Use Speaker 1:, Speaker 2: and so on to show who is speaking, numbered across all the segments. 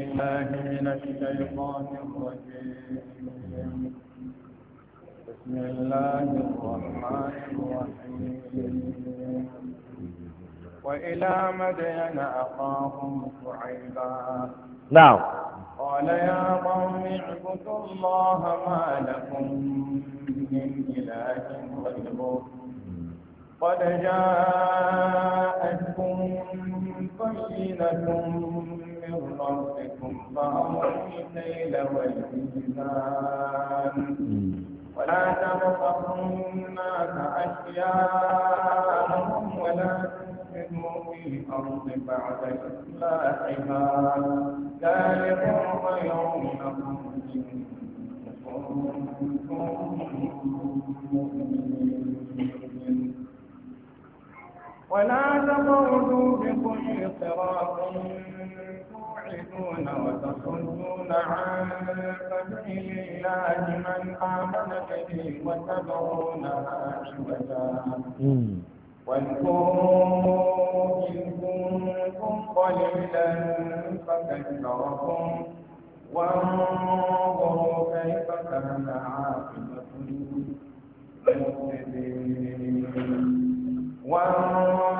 Speaker 1: الله من الشيطان الرجيم
Speaker 2: بسم الله الرحمن الرحيم
Speaker 1: وإلى مدين أخاهم شعيبا نعم قال يا قوم اعبدوا الله ما لكم من إله غيره قد جاءتكم بينة من ربكم فأروا الليل والميزان ولا تبخسوا الناس أشياءهم ولا تسكنوا في الأرض بعد إصلاحها ذلك خير لكم ولا تقعدوا بكل صراط تعرفون وتصدون عن سبيل الله من آمن به وتدعون عوجا واذكروا إن كنتم قليلا فكثركم وانظروا كيف كان عاقبة المفسدين وانظروا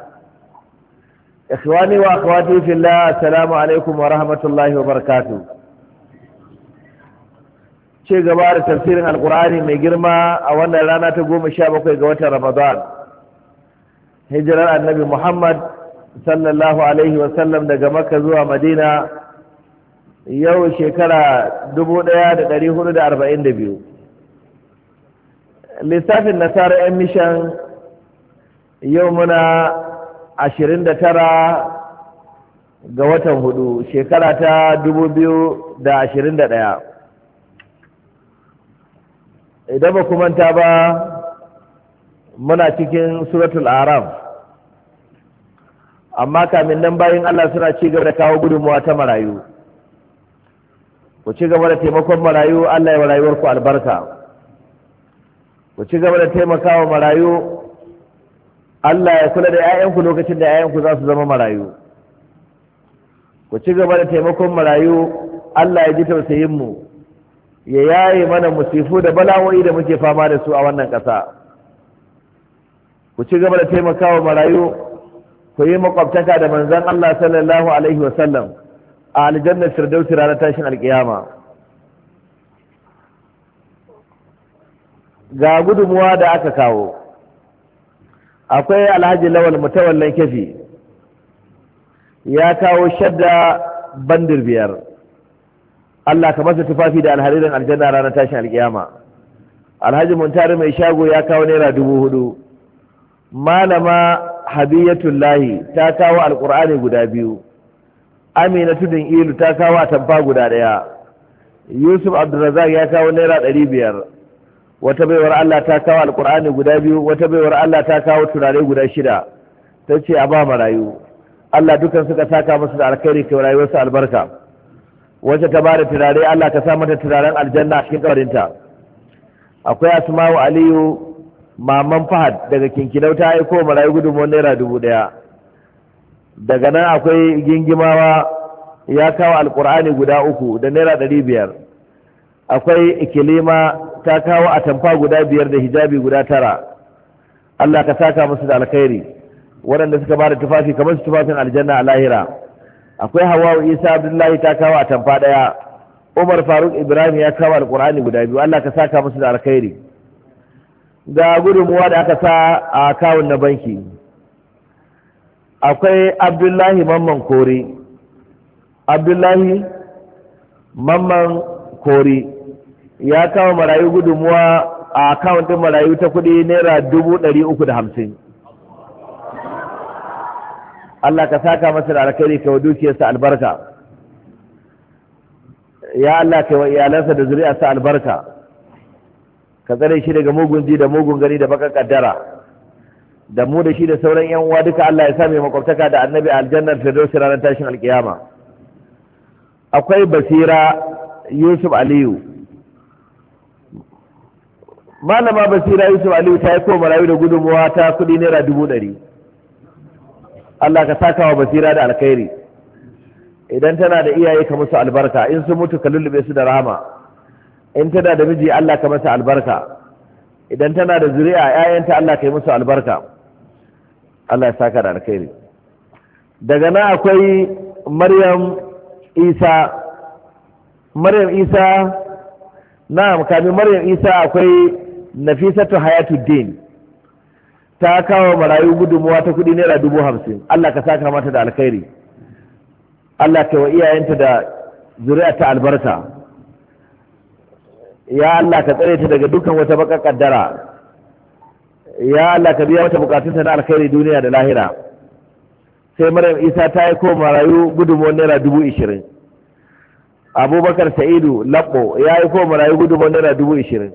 Speaker 3: إخواني وأخواتي في الله alaikum wa rahmatullahi wa وبركاته ce gaba da tafsirin alkur'ani mai girma a wannan rana ta goma sha bakwai ga watan ramadan hijirar annabi muhammad sallallahu alaihi sallam, daga makka zuwa madina yau shekara biyu. lissafin nasarar yan mishan yau muna ashirin da tara ga watan hudu shekara ta dubu biyu da ashirin da ɗaya idan ba manta ba muna cikin suratul aram amma kamin nan bayan allah suna ci gaba da kawo gudunmuwa ta marayu ku ci gaba da taimakon marayu allah ya ku albarka ku ci gaba da taimakawa marayu Allah ya kula da 'ya'yanku lokacin da 'ya'yanku za su zama marayu ku ci gaba da taimakon marayu Allah ya ji tausayin mu ya yaye mana musifu da bala'o'i da muke fama da su a wannan ƙasa ku ci gaba da taimakawa marayu ku yi makwabtaka da manzon Allah sallallahu alaihi wasallam a aljannar firdausi ranar tashin alkiyama ga gudunmuwa da aka kawo akwai alhaji lawal mutawallan kafi ya kawo shadda bandir biyar Allah ka masa tufafi da alharirin aljanna ranar tashin alkiyama alhaji muntari mai shago ya kawo naira dubu hudu malama habiyatullahi ta kawo alkur'ani guda biyu amina tudun ilu ta kawo atamfa guda daya yusuf abdulrazak ya kawo naira ɗari biyar wata baiwar Allah ta kawo alkur'ani guda biyu wata baiwar Allah ta kawo turare guda shida ta ce a ba marayu Allah dukan suka saka musu da alkhairi kai rayuwarsu albarka wacce ta ba da turare Allah ka sa mata turaren aljanna a cikin kabarinta akwai asma'u aliyu maman fahad daga kinkinau ta aiko marayu gudunmuwar naira dubu daya daga nan akwai gingimawa ya kawo alkur'ani guda uku da naira ɗari biyar akwai ikilima ta kawo atamfa guda biyar da hijabi guda tara Allah ka saka musu da alkhairi waɗanda suka ba da tufafi kamar su tufafin aljanna a lahira akwai hawa isa abdullahi ta kawo atamfa ɗaya umar faruk ibrahim ya kawo alkur'ani guda biyu Allah ka saka musu da alkhairi ga gudunmuwa da aka sa a kawun na banki akwai abdullahi mamman kori abdullahi mamman kori ya kawo marayu gudunmuwa a akawuntin marayu ta kudi naira dubu ɗari uku da hamsin Allah ka saka masa da alkhairi kawo dukiyarsa albarka ya Allah ka wa iyalansa da zuri'arsa albarka ka tsare shi daga mugun ji da mugun gani da baka kaddara da mu da shi da sauran yan uwa duka Allah ya sami makwabtaka da annabi a aljannar firdausi ranar tashin alkiyama akwai basira yusuf aliyu malama basira yusuf aliyu ta yi ko marayu da gudunmuwa ta kudi naira dubu ɗari allah ka saka wa basira da alkhairi idan tana da iyaye ka musu albarka in sun mutu ka lullube su da rama in tana da miji allah ka masa albarka idan tana da zuri'a ƴaƴanta allah ka yi musu albarka allah ya saka da alkhairi daga nan akwai maryam isa maryam isa na kamin maryam isa akwai nafisatu Hayatu Din ta kawo marayu gudunmuwa ta kudi naira dubu hamsin Allah ka saka mata da alkhairi Allah ka wa iyayenta da zuri'a ta albarka ya Allah ka tsare ta daga dukkan wata baka kaddara ya Allah ka biya mata bukatunta na alkhairi duniya da lahira sai maryam isa ta yi ko marayu gudunmuwar naira dubu ishirin abubakar sa'idu labbo ya yi ko marayu gudunmuwar naira dubu ishirin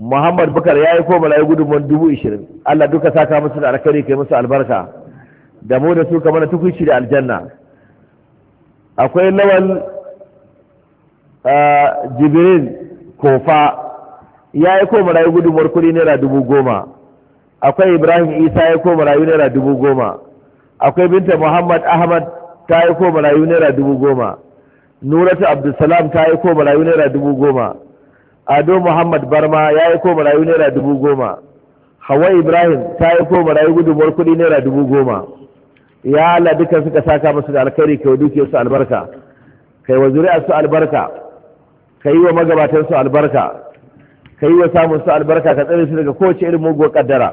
Speaker 3: muhammad bukar ya yi koma layi gudunmuwan dubu ishirin allah duka sa musu da alkhairi kai musu albarka da mu da su kamar tukuci da aljanna akwai lawal jibirin kofa ya yi koma layi gudunmuwar kuɗi naira dubu goma akwai ibrahim isa ya koma layi naira dubu goma akwai binta muhammad ahmad ta yi koma layi naira dubu goma nuratu abdulsalam ta yi koma layi naira dubu goma ado muhammad barma ya yi koma rayu naira dubu goma hawa ibrahim ta yi koma rayu gudunmuwar kuɗi naira dubu goma ya ala duka suka saka musu da alkhairi kai wa dukiyarsu albarka kai wa zuri'arsu albarka kai wa su albarka kai wa samunsu albarka ka tsare su daga kowace irin muguwar kaddara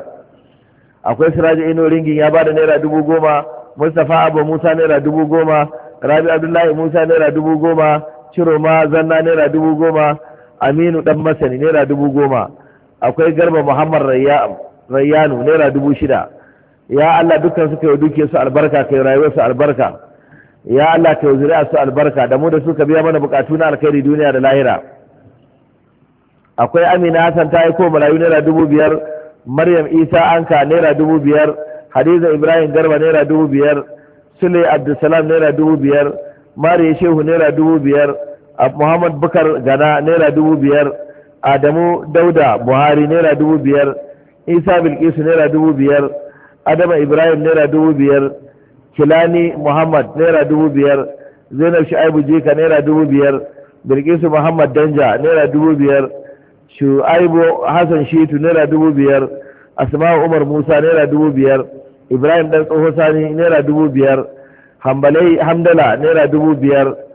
Speaker 3: akwai siraji ino ringin ya bada naira dubu goma mustapha abu musa naira dubu goma rabi abdullahi musa naira dubu goma ciro ma zanna naira dubu goma aminu dan masani naira dubu goma akwai garba muhammad rayyanu naira dubu shida ya allah dukkan suka yi dukiyar su albarka kai rayuwar su albarka ya allah kai zuri'a su albarka da mu da suka biya mana bukatu na alkhairi duniya da lahira akwai amina hassan ta aiko malayu naira dubu biyar maryam isa anka naira dubu biyar hadiza ibrahim garba naira dubu biyar sule abdulsalam naira dubu biyar mariya shehu naira dubu biyar muhammad bukar gana naira dubu biyar adamu dauda buhari naira dubu biyar isa bilkisu naira dubu biyar adama ibrahim naira dubu biyar kilani muhammad naira dubu biyar zainab shu'aibu jika naira dubu biyar bilkisu muhammad danja naira dubu biyar shu'aibu hassan shitu naira dubu biyar asma'u umar musa naira dubu biyar ibrahim dan tsoho sani naira dubu biyar hambalai hamdala naira dubu biyar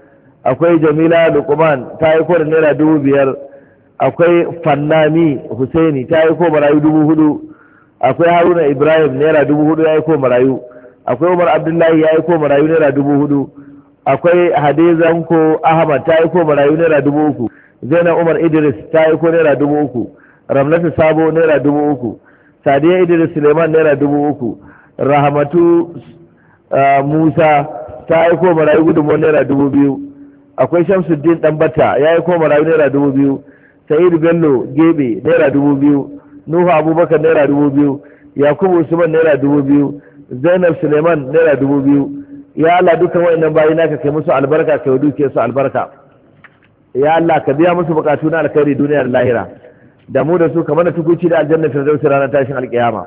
Speaker 3: akwai jamila lukman ta yi kowar naira dubu biyar akwai fannami husaini ta yi ko marayu dubu hudu akwai haruna ibrahim naira dubu hudu ya yi ko marayu akwai umar abdullahi ya yi ko marayu naira dubu hudu akwai hadizanko ahmad ta yi ko marayu naira dubu uku zainab umar idris ta yi ko naira dubu uku ramlatu sabo naira dubu uku sadiya idris suleiman naira dubu uku rahmatu uh, musa ta yi ko marayu gudunmu naira dubu biyu akwai shamsuddin ɗanbata ya yi koma rayu naira dubu biyu sa'id bello gebe naira dubu biyu nuhu abubakar naira dubu biyu yakubu usman naira dubu biyu zainab suleiman naira dubu biyu ya allah dukkan wa'annan bayi naka kai musu albarka kai duke su albarka ya allah ka biya musu bukatu na alkhairi duniya da lahira da mu da su kamar da tukuci da aljanna firdausi ranar tashin alkiyama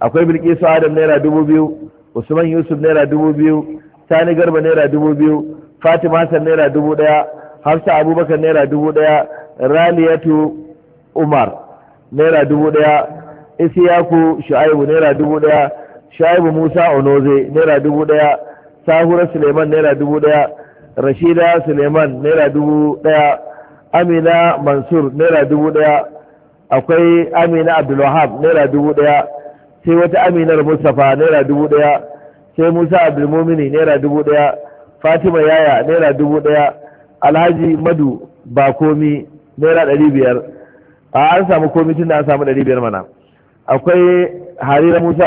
Speaker 3: akwai bilkisu adam naira dubu biyu usman yusuf naira dubu biyu sani garba naira dubu biyu fatima hassan naira dubu ɗaya hafsa abubakar naira dubu ɗaya raliyatu umar naira dubu ɗaya isiyaku shu'aibu naira dubu ɗaya shu'aibu musa onoze naira dubu ɗaya sahura suleiman naira dubu ɗaya rashida suleiman naira dubu ɗaya amina mansur naira dubu ɗaya akwai amina abdulwahab naira dubu ɗaya sai wata aminar mustapha naira dubu ɗaya sai musa abdulmumini naira dubu ɗaya fatima yaya naira dubu ɗaya alhaji madu ba komi naira ɗari biyar a an samu komi tun da an samu ɗari biyar mana akwai harira musa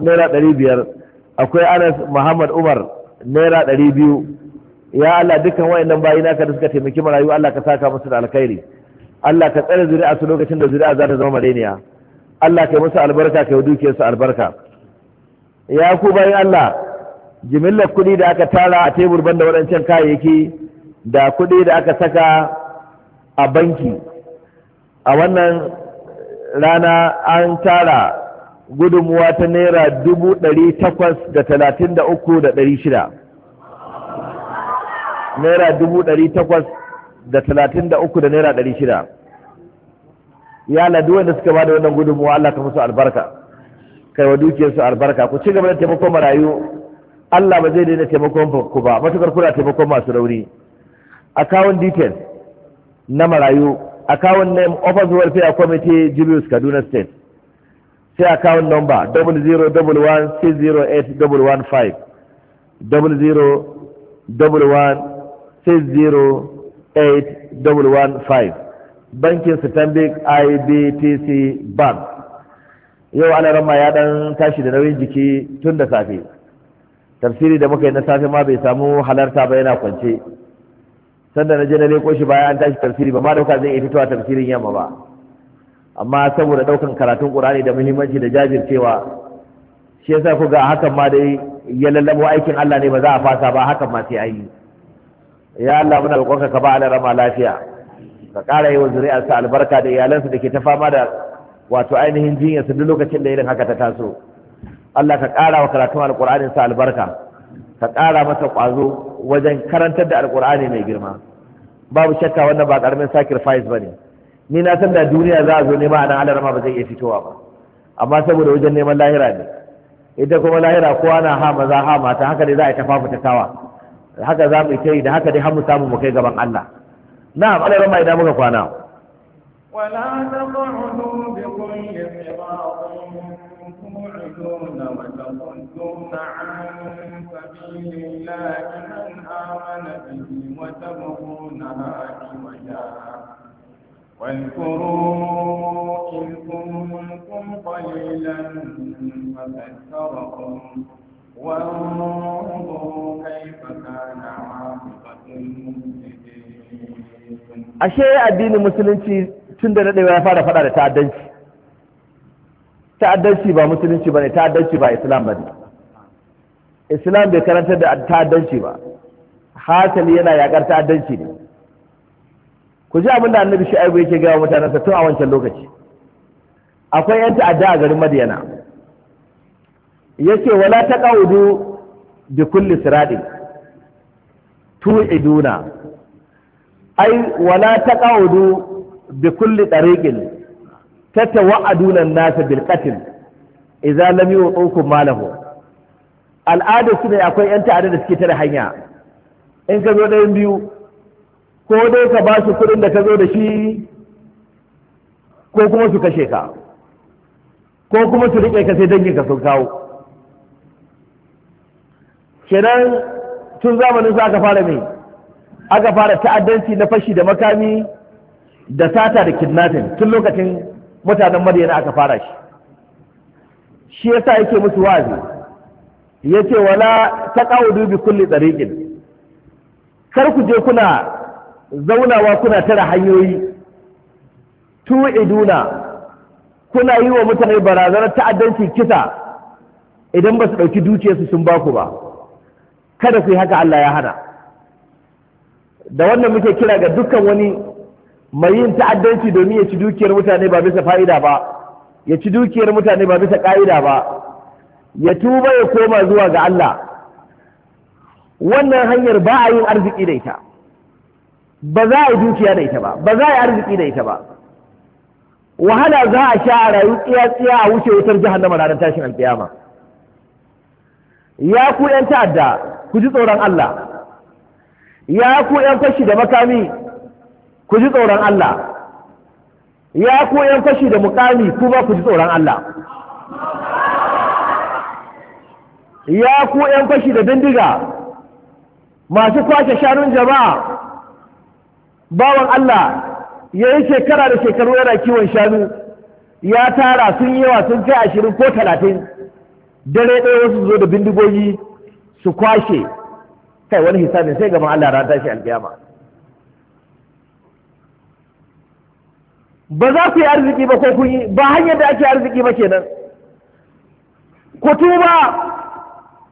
Speaker 3: naira ɗari biyar akwai anas muhammad umar naira ɗari biyu ya allah dukkan wayannan bayi naka da suka taimaki marayu allah ka saka musu da alkhairi allah ka tsare zuri'a su lokacin da zuri'a za ta zama mareniya allah ka yi musu albarka ka yi dukiyarsu albarka ya ku bayan allah jimillar kuɗi da aka tara a tebur banda waɗancan kayayyaki da kuɗi da aka saka a banki a wannan rana an tara gudunmuwa ta naira dubu ɗari takwas da talatin da uku da ɗari shida naira dubu ɗari takwas da talatin da uku da naira ɗari shida ya ladu wanda suka ba da wannan gudunmuwa Allah ka musu albarka kai wa dukiyarsu albarka ku ci gaba da taimakon marayu Allah ba zai daina taimakon ku ba matukar kuna taimakon masu rauni account details na marayu account name office welfare committee Julius Kaduna state sai account number 0016081115 0016081115 bankin Stanbic IBTC bank yau ana rama ya ɗan tashi da nauyin jiki tun da safe tafsiri da muka yi na safe ma bai samu halarta ba yana kwance sanda na je na leko shi bayan an tashi tafsiri ba ma dauka zai iya fitowa tafsirin yamma ba amma saboda daukan karatun qur'ani da muhimmanci da jajircewa shi yasa ku ga hakan ma dai ya lallabo aikin Allah ne ba za a fasa ba hakan ma sai an yi ya Allah muna roƙonka ka ba rama lafiya ka ƙara yi wa zuri'arsa albarka da iyalansa da ke ta fama da wato ainihin jinya su duk lokacin da irin haka ta taso Allah ka ƙara wa karatun alƙur'anin sa albarka ka ƙara masa ƙwazo wajen karantar da alƙur'ani mai girma babu shakka wannan ba ƙaramin sacrifice ba ne ni na san da duniya za a zo nema a nan alarama ba zai iya fitowa ba amma saboda wajen neman lahira ne ita kuma lahira kowa na ha maza ha mata haka ne za a yi ta fafutatawa haka za mu yi da haka dai har mu samu mu kai gaban Allah na'am alarama idan muka kwana
Speaker 1: ولا تقعدوا بكل صراط معدون وتصدون عن سبيل الله من آمن به وتبغونها عوجا واذكروا إن كنتم قليلا فكثركم وانظروا كيف كان عاقبة المفسدين.
Speaker 3: Ashe addinin musulunci tun da daɗewa ya fara faɗa da ta'addanci. ta'addanci ba musulunci bane ta'addanci ba islam bane islam bai karantar da ta'addanci ba hasali yana yakar ta'addanci ne ku ji abin da annabi shu'aibu yake gaya mutanensa tun a wancan lokaci akwai yan ta'adda a garin madiyana yake wala taqaudu bi kulli siradin tu'iduna ai wala taqaudu bi kulli tariqin tatawa'aduna nasa bil qatl idza lam yu'tukum malahu al'ada su ne akwai yan ta'ada da suke tare hanya in ka zo ɗayan biyu ko dai ka ba su kuɗin da ka zo da shi ko kuma su kashe ka ko kuma su riƙe ka sai dangin ka sun kawo kenan tun zamanin su aka fara aka fara ta'addanci na fashi da makami da sata da kidnapping tun lokacin mutanen madina aka fara shi shi yasa yake musu wazi yace wala ta taqawdu bi kulli tariqin kar ku je kuna zaunawa kuna tara hanyoyi tu'iduna kuna yi wa mutane barazanar ta'addanci kisa idan ba su ɗauki dukiyarsu sun ba ku ba kada ku yi haka Allah ya hana da wannan muke kira ga dukkan wani mai yin ta'addanci domin ya ci dukiyar mutane ba bisa fa'ida ba ya ci dukiyar mutane ba bisa ƙa'ida ba ya tuba ya koma zuwa ga Allah wannan hanyar ba a yin arziki da ita ba za a yi dukiya da ita ba ba za a yi arziki da ita ba wahala za a sha a rayu tsiya-tsiya a wuce wutar jahannama ranar tashin alƙiyama ya ku 'yan ta'adda ku ji tsoron Allah ya ku 'yan fashi da makami ku ji tsoron Allah ya ku yan fashi da mukami ku ba ku ji tsoron Allah ya ku yan fashi da bindiga masu kwashe shanun jama'a bawan Allah ya yi shekara da shekaru yana kiwon shanu ya tara sun yawa sun kai ashirin ko talatin dare ɗaya wasu zo da bindigogi su kwashe kai wani hisabin sai gama Allah ran tashi alkiyama ba za ku yi arziki ba ko kun yi ba hanyar da ake arziki ba kenan ku tuba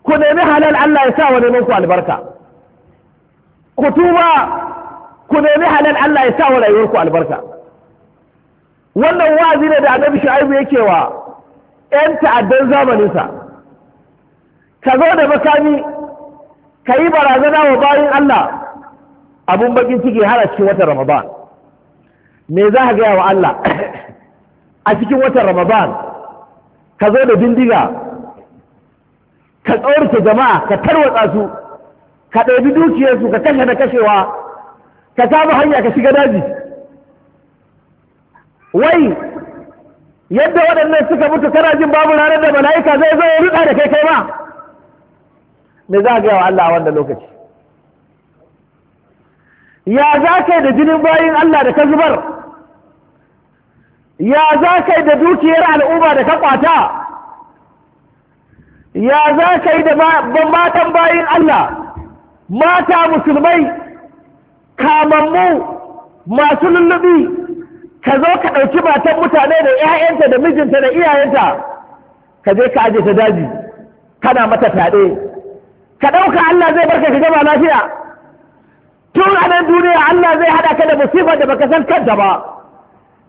Speaker 3: ku nemi halal Allah ya sa wa neman ku albarka ku tuba ku nemi halal Allah ya sa wa rayuwar ku albarka wannan wa'azi ne da annabi shu'aibu yake wa 'yan ta'addan zamaninsa ka zo da makami ka yi barazana wa bayin Allah abun bakin ciki har a cikin watan Ramadan me za ka gaya wa Allah a cikin watan ramadan ka zo da bindiga ka tsawarta jama'a ka tarwatsa su ka ɗabi dukiyarsu ka kashe da kashewa ka kama hanya ka shiga daji wai yadda waɗannan suka mutu kana jin babu ranar da mala'ika zai zo ruɗa da kai kai ma me za a gaya wa Allah a wannan lokaci ya za ka da jinin bayin Allah da ka zubar ya za ka yi da dukiyar al'umma da ka kwata ya za ka yi da matan bayan Allah mata musulmai kamammu masu lullubi ka zo ka ɗauki matan mutane da 'ya'yanta da mijinta da iyayenta ka je ka aje ta daji kana mata fyaɗe ka ɗauka Allah zai barka ka gama lafiya tun a nan duniya Allah zai haɗa ka da musibar da baka san kanta ba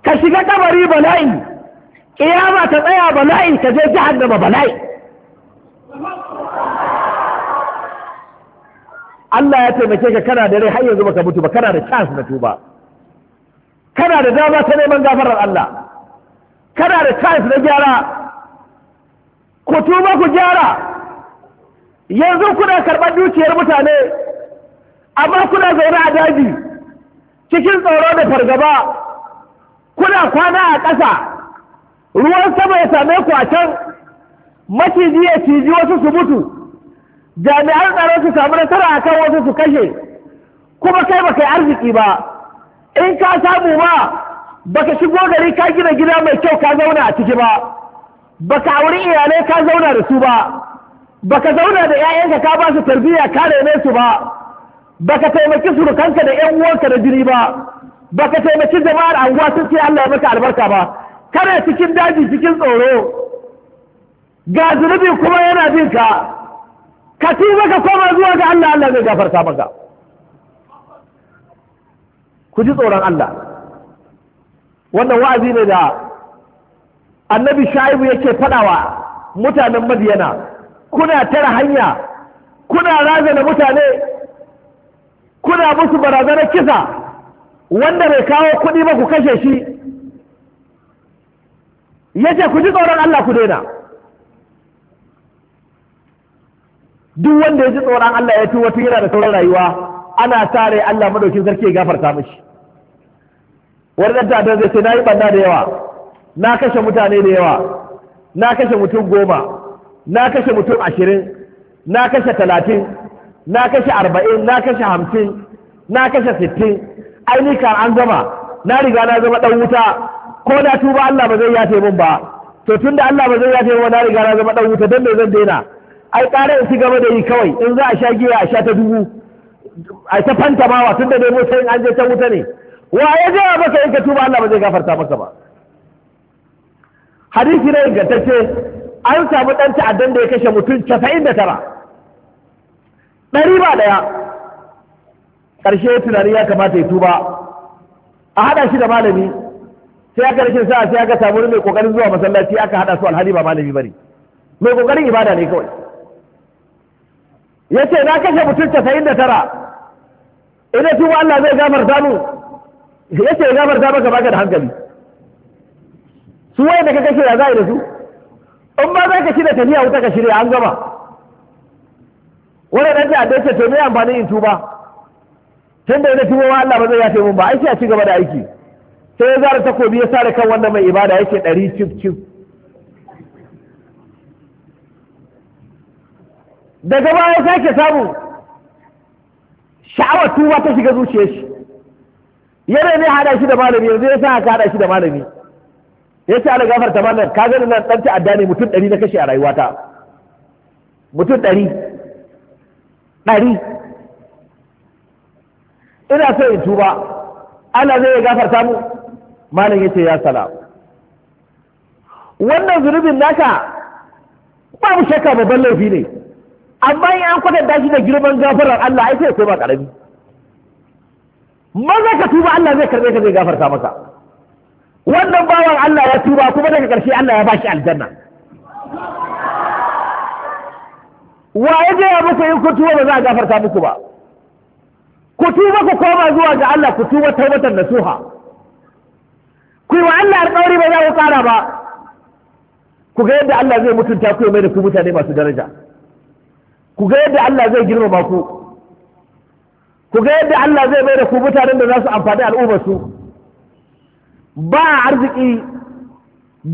Speaker 3: ka shiga kabari bala'i ƙiyama ta tsaya bala'i ka je jihar jahannama bala'i Allah ya taimake ka kana da rai har yanzu baka mutu ba kana da chance na tuba kana da dama ta neman gafarar Allah kana da chance na gyara ku tuba ku gyara yanzu kuna karɓar dukiyar mutane amma kuna zaune a daji cikin tsoro da fargaba kuna kwana a ƙasa ruwan sama ya same ku a can maciji ya ciji wasu su mutu jami'an tsaro su samu nasara a kan wasu su kashe kuma kai ba kai arziki ba in ka samu ba baka shigo gari ka gina gida mai kyau ka zauna a ciki ba baka auri iyalai ka zauna da su ba baka zauna da 'ya'yanka ka ba su tarbiyya ka rene su ba baka taimaki surukanka da 'yan uwanka da jini ba ba ka taimaki jama'ar anguwa sun ce Allah ya maka albarka ba kana cikin daji cikin tsoro ga zunubi kuma yana bin ka ka ci maka koma zuwa ga Allah Allah zai gafarta maka ku ji tsoron Allah wannan wa'azi ne da annabi shaibu yake fadawa mutanen madiyana kuna tara hanya kuna razana mutane kuna musu barazanar kisa wanda bai kawo kuɗi ba ku kashe shi ya ku ji tsoron Allah ku daina duk wanda ya ji tsoron Allah ya ci wata yana da sauran rayuwa ana tare Allah madaukin sarki ya gafarta mishi wani ɗan tadar zai ce na yi ɓanna da yawa na kashe mutane da yawa na kashe mutum goma na kashe mutum ashirin na kashe talatin na kashe arba'in na kashe hamsin na kashe sittin ainihin an gama na riga na zama dan wuta ko da tuba Allah ba zai yafe min ba to tunda Allah ba zai yafe min na riga na zama dan wuta dan me zan daina ai kare in ci gaba da yi kawai in za a sha giya a sha ta dubu a ta fanta wa tunda dai mota an je ta wuta ne wa ya je maka in ka tuba Allah ba zai gafarta maka ba hadisi ne ingantacce an samu dan ta'addan da ya kashe mutum 99 ɗari ba ɗaya ƙarshe tunani ya kamata ya tuba a haɗa shi da malami sai aka rikin sa sai aka samu mai kokarin zuwa masallaci aka haɗa su alhali ba malami bane mai kokarin ibada ne kawai yace na kashe mutum casa'in tara idan tuba Allah zai gafarta mu yace ya gafarta maka baka da hankali su waye da kake kashe ya za'i da su in ba za ka shirya tafiya wuta ka shirya an gama wani ɗan ce dace to me amfani in tuba tun da yana fi mawa Allah ba zai yafe mun ba aiki a ci gaba da aiki sai ya zara takobi ya sare kan wanda mai ibada yake ɗari cif cif daga baya sake samu sha'awar tuba ta shiga zuciyar shi yana ne hada shi da malami yanzu ya sa ka hada shi da malami ya ce ala gafar ta mallam ka gani nan ɗan ta'adda ne mutum ɗari na kashe a rayuwata mutum ɗari ɗari ina so in tuba Allah zai ya gafarta mu malam yace ya salam wannan zurubin naka ba mu shakka babban laifi ne amma in an kwatanta shi da girman gafarar Allah ai sai ba karami maza ka tuba Allah zai karbe ka zai gafarta maka wannan bawan Allah ya tuba kuma daga karshe Allah ya bashi aljanna wa ya ga muku in ku tuba ba za a gafarta muku ba ku tuba ku koma zuwa ga Allah ku tuba taubatar nasuha ku yi wa Allah alƙawari ba za ku ƙara ba ku ga yadda Allah zai mutunta ku ya mai da ku mutane masu daraja ku ga yadda Allah zai girmama ku ku ga yadda Allah zai mai da ku mutanen da za su amfani al'ummar su ba arziki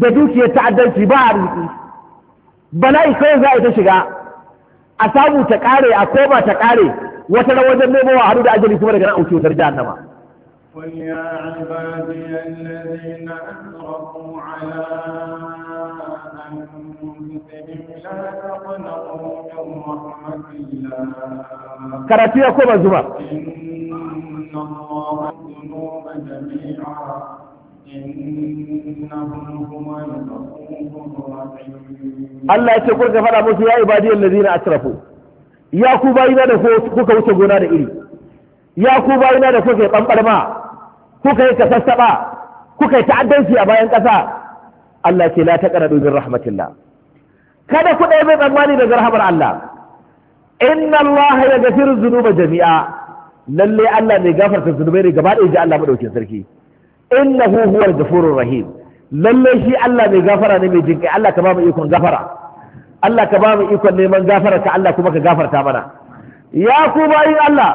Speaker 3: da dukiyar ta'addanci ba arziki bala'i kawai za a ta shiga a samu ta ƙare a koma ta ƙare وتلا وجد نبي واحد لك أجل يسمى لكنا أوكي وترجع النما
Speaker 1: قل يا عبادي الذين أسرفوا على كراتي يا كوبا زوما إن الله الذنوب جميعا الله يقول كفر أبو سيدي عبادي
Speaker 3: الذين أسرفوا ya ku bayi na da kuka wuce gona da iri ya ku bayi na da kuka yi ɓanɓarma kuka yi kasassaɓa kuka yi ta'addanci a bayan ƙasa Allah ce la ta ƙara dubin rahmatillah kada ku ɗaya mai tsammani daga rahamar Allah inna Allah ya gafiru zunuba jami'a lalle Allah mai gafarta zunubai ne gaba ɗaya ji Allah madaukin sarki innahu huwal gafurur rahim lalle shi Allah mai gafara ne mai jinkai Allah ka ba ikon gafara Allah ka ba mu ikon neman gafara ka Allah kuma ka gafarta mana ya ku bayin Allah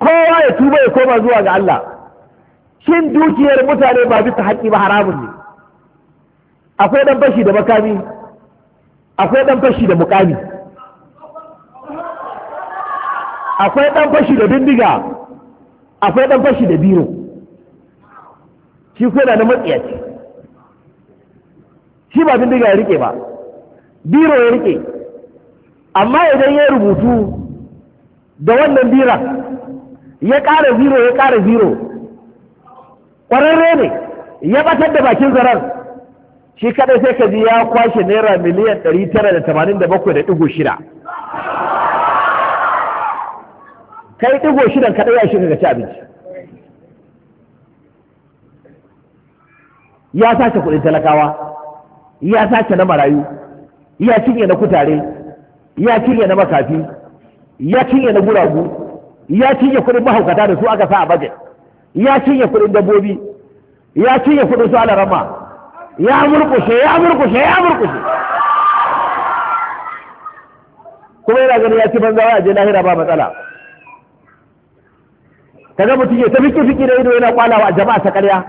Speaker 3: kowa ya tuba ya koma zuwa ga Allah shin dukiyar mutane ba bisa haƙƙi ba haramun ne akwai dan fashi da makami akwai dan fashi da mukami akwai dan fashi da bindiga akwai dan fashi da biro shi kuma na matsiyaci shi ba bindiga ya rike ba biro ya rike amma idan ya rubutu da wannan bira ya ƙara zero ya ƙara zero ƙwararre ne ya batar da bakin zaren shi kadai sai ka ji ya kwashe naira miliyan ɗari tara da tamanin da bakwai da ɗigo shida kai ɗigo shidan kaɗai ya shiga ga ci abinci ya sace kuɗin talakawa ya sace na marayu ya cinye na kutare ya cinye na makafi ya cinye na guragu ya cinye kudin mahaukata da su aka sa a bajet ya cinye kudin dabbobi ya cinye kudin su alarama ya murkushe ya murkushe ya murkushe kuma yana ganin ya ci banza ya je lahira ba matsala kaga mutum ya ta fiki fiki da ido yana kwalawa jama'a ta karya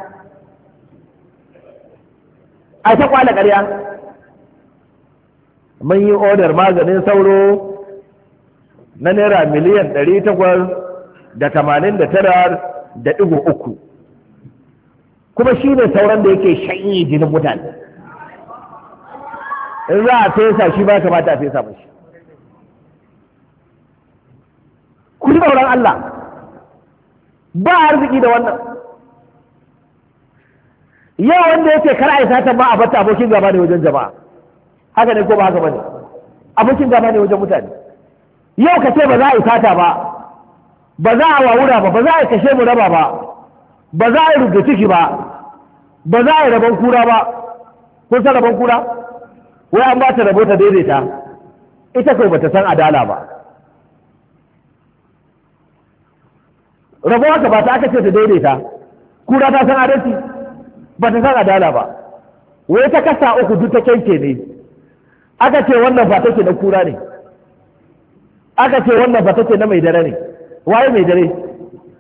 Speaker 3: a ta kwala karya mun yi odar maganin sauro na naira miliyan ɗari takwas da tamanin da tara da ɗigo uku kuma shi ne sauran da yake shanye jinin mutane in za a fesa shi ba kamata a fesa mashi ku ji tsoron Allah ba arziki da wannan yau wanda yake kar a isa, satan ba a bata abokin gaba ne wajen jama'a haka ne ko ba haka bane abokin gaba ne wajen mutane yau ka ce ba za a yi fata ba ba za a wawura ba ba za a yi kashe mu raba ba ba za a yi rubuta ciki ba ba za a yi rabon kura ba kun san rabon kura wai an ba ta rabo ta daidaita ita kai ba ta san adala ba rabo haka ba ta aka ce ta daidaita kura ta san adalci ba ta san adala ba wai ta kasa uku duk ta kyanke ne aka ce wannan fata take na kura ne aka ce wannan fata take na mai dare ne waye mai dare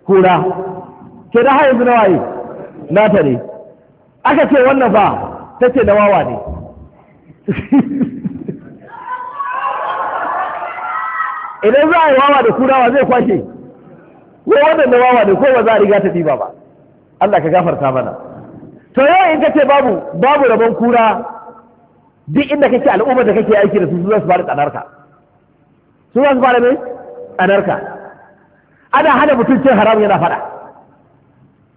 Speaker 3: kura ke da yanzu na waye Na ne aka ce wannan fa ta na wawa ne idan za a yi wawa da kurawa zai kwashe ko wannan da wawa ne ko ba za a riga ta ɗiba ba Allah ka gafarta mana to yau in ka ce babu babu rabon kura duk inda kake al'ummar da kake aiki da su su za su fara tsanarka su za su fara mai tsanarka ana hana mutum cin yana fada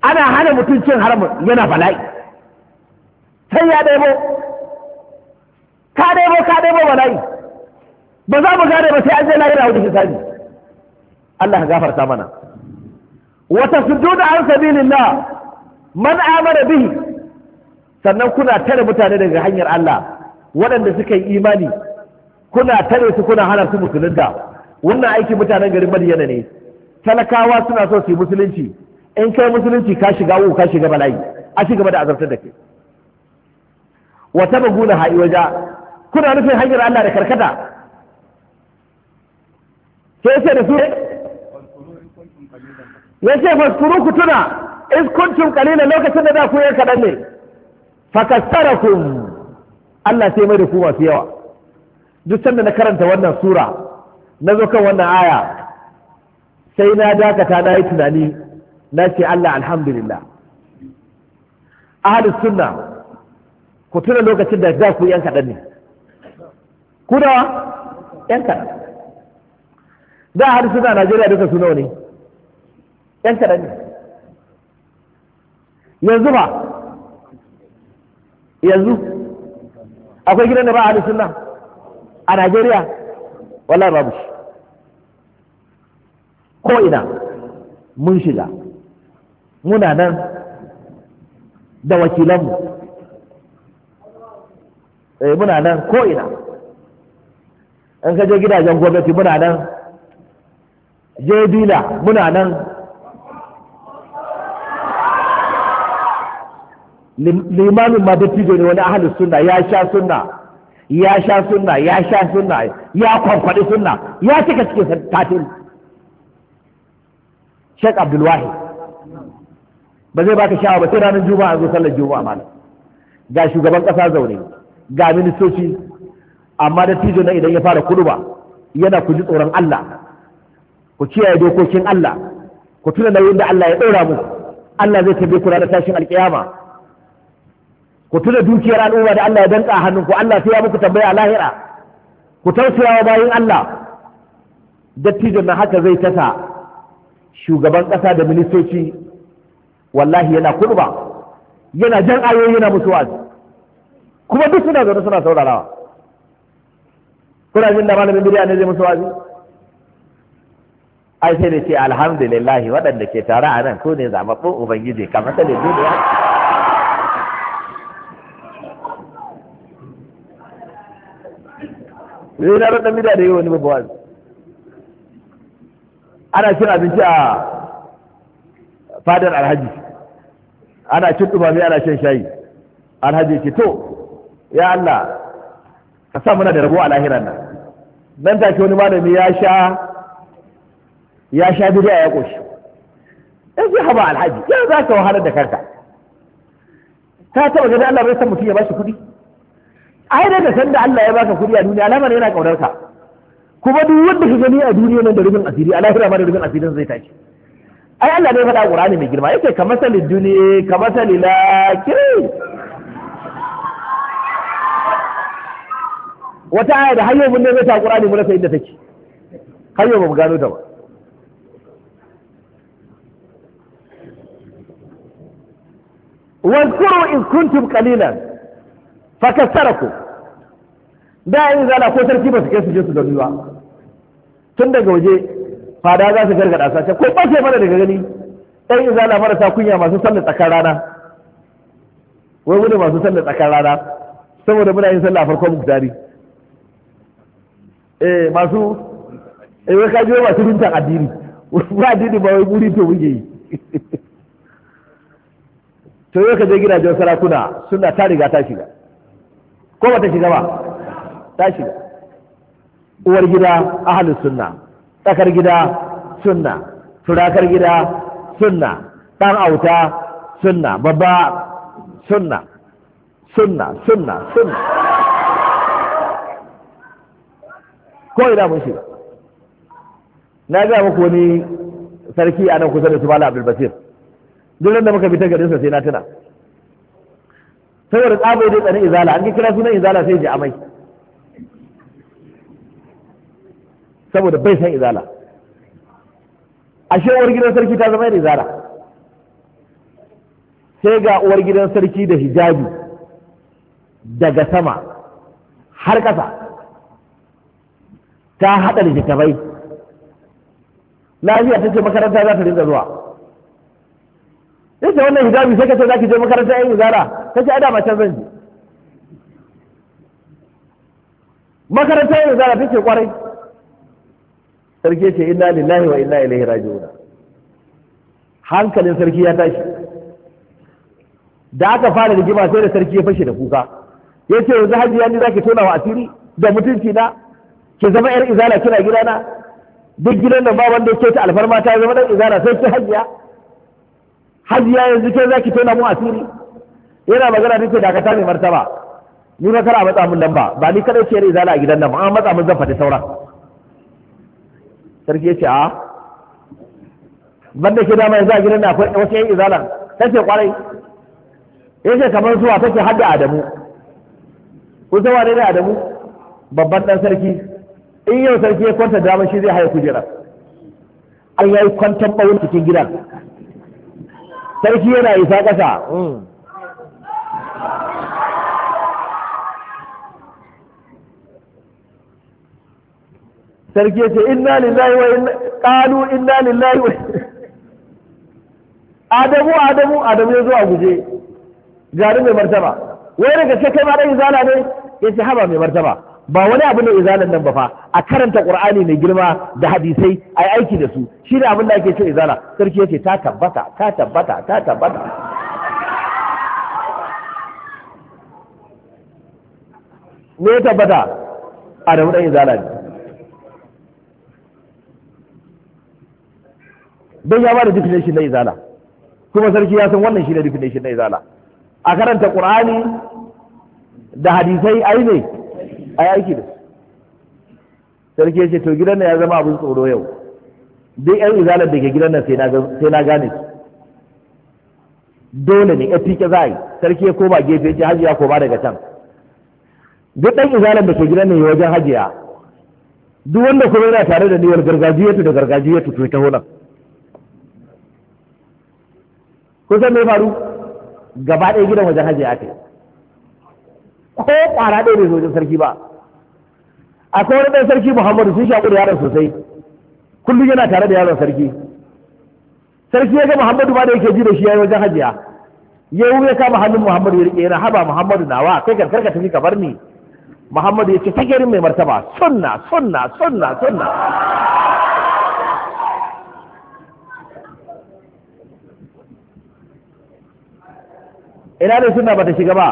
Speaker 3: ana hana mutum cin yana bala'i sai ya ɗebo ka ɗebo ka ɗebo bala'i ba za mu gane ba sai an je lahira wajen hisabi Allah ka gafarta mana wata sujuda an sabilillah man amara bihi sannan kuna tare mutane daga hanyar Allah waɗanda suka yi imani kuna tare su kuna hana su musulunta wannan aikin mutanen garin madiyana ne talakawa suna so su musulunci in kai musulunci ka shiga uku ka shiga bala'i a ci gaba da azabtar da ke wata maguna ha'i waja kuna nufin hanyar Allah da karkata sai sai da su ya ce faskuru ku tuna in kuntum kalilan lokacin da za ku yi kaɗan ne fakastarakum Allah sai mai da ku masu yawa duk sanda na karanta wannan sura na zo kan wannan aya sai na dakata na yi tunani na ce Allah alhamdulillah ahalus sunna ku tuna lokacin da za ku yan kaɗan ne ku da yan kaɗan da ahalus sunna a Najeriya duka su nawa ne yan kaɗan ne yanzu ba yanzu akwai gidan da ba a sunna a Najeriya wallahi babu shi ko ina mun shiga muna nan da wakilanmu eh muna nan ko ina in ka je gidajen gwamnati muna nan je dila muna nan limamin ma dattijo ne wani ahalin sunna ya sha sunna ya sha sunna ya sha sunna ya kwamfadi sunna ya cika cikin tatil Sheikh Abdul ba zai baka sha'awa ba sai ranar juma'a zo sallar juma'a malam ga shugaban kasa zaune ga ministoci amma dattijo na idan ya fara kuluba yana ku ji tsoron Allah ku kiyaye dokokin Allah ku tuna nauyin da Allah ya ɗora mu Allah zai tabe ku ranar tashin alkiyama ku tuna dukiyar al'umma da Allah ya danka hannun ku Allah sai ya muku tambaya lahira ku tausaya wa bayin Allah dattijon na haka zai tasa shugaban ƙasa da ministoci wallahi yana kurba yana jan ayoyi yana musu wa'azi kuma duk suna zaune suna saurarawa kuna jin da malamin bidiya ne zai musu wa'azi ai sai da ce alhamdulillah waɗanda ke tare a nan ko ne zaɓaɓɓun ubangiji kamar ta ne duniya sai eh, na ranar mida da yi wani babu wani ana cin abinci a fadar alhaji ana cin tumami ana cin shayi alhaji ke to ya Allah ka sa muna da rabo a lahiran nan nan ke wani malami ya sha ya sha bidiya ya koshi ya ce haba alhaji ya za ka wahalar da karka Ta taba gani Allah bai san mutum ya ba shi kuɗi ai dai da sanda Allah ya baka kuɗi a duniya lamarin yana kaunar ka kuma duk wanda ka gani a duniya nan da rubin asiri a lahira ma da rubin asirin zai tashi ai Allah ne faɗa Qur'ani mai girma yake kamar salil duniya kamar salil lakiri wata aya da hayyo mun nemi ta Qur'ani mun sai inda take hayyo ba mu gano ta ba واذكروا إذ كنتم قليلا fakassara ku da yin zala ko sarki ba su kai su je su gani ba tun daga waje fada za su gargada sace ko bace mana daga gani ɗan yin zala marasa kunya masu sallar tsakar rana wai mu masu sallar tsakar rana saboda muna yin sallah farkon muktari eh masu eh wai ka jiyo masu rintan addini ba addini ba wai muri to muke yi to yau ka je gidajen sarakuna suna ta riga ta shiga ko ta shiga ba ta shiga uwar gida ahalin sunna tsakar gida sunna turakar gida sunna ɗan auta sunna babba sunna sunna sunna sunna ko ina mun shiga na ga muku wani sarki a nan kusa da su mala abdulbasir duk da muka bi ta garinsa sai na tuna saboda tsabo da tsanin izala an kira sunan izala sai ji amai saboda bai san izala ashe uwar gidan sarki ta zama yin izala sai ga uwar gidan sarki da hijabi daga sama har ƙasa ta haɗa littattafai lafiya ta ce makaranta za ta rinza zuwa yadda wannan hijabi sai ka ce za ki je makaranta yin izala ta ce adama can zan je makaranta yin zara ta ce kwarai sarki ce inna lillahi wa inna ilaihi raji'una hankalin sarki ya tashi da aka fara rigima sai da sarki ya fashe da kuka ya ce yanzu hajji ni za ki tona wa asiri da mutunci na ki zama yar izala kina gidana duk gidan da ba wanda ke ta alfarma ta zama dan izala sai ki hajiya hajiya yanzu ke za ki tona mu asiri yana magana da dakata mai martaba ni ba a matsa mun lamba ba ni kada ce rai zala a gidan nan an matsa mun zan fata sauran sarki ya ce a banda ke dama yanzu a gidan nan akwai wasu yan izala take kwarai Ya ce kamar zuwa take hadda Adamu Ku san wane ne Adamu babban dan sarki in yau sarki ya kwanta damar shi zai haye kujera an yayi kwantan bawon cikin gidan sarki yana isa ƙasa hmm. sarki ce inna lillahi wa inna qalu inna lillahi wa adamu adamu adamu ya zo a guje garin mai martaba wai daga ce kai ma dai izala ne yace haba mai martaba ba wani abu ne izalan nan ba fa a karanta qur'ani mai girma da hadisai ai aiki da su shi ne abin da ake ce izala sarki yace ta tabbata ta tabbata ta tabbata me tabbata adamu dan izala ne don ya ba da definition na izala kuma sarki ya san wannan shi ne definition na izala a karanta qur'ani da hadisai ai ne ai aiki da sarki ya ce to gidan nan ya zama abin tsoro yau duk yan izala da ke gidan nan sai na gane su dole ne fike za yi sarki ya koma gefe ya ce hajiya koma daga can duk ɗan izalan da ke gidan nan wajen hajiya duk wanda kuma yana tare da niyyar gargajiyatu da gargajiyatu to ta honan ko san me faru gaba ɗaya gidan wajen hajji aka ko ƙwara ɗaya bai zo sarki ba akwai wani ɗan sarki muhammadu sun shaƙuri da yaron sosai kullum yana tare da yaron sarki sarki ya ga muhammadu ba da yake ji da shi ya yi wajen hajiya ya yi ya kama hannun muhammadu ya riƙe yana haba muhammadu nawa kai karkar ka tafi ka bar ni muhammadu ya ce fagerin mai martaba sunna sunna sunna sunna ina da suna bata shiga ba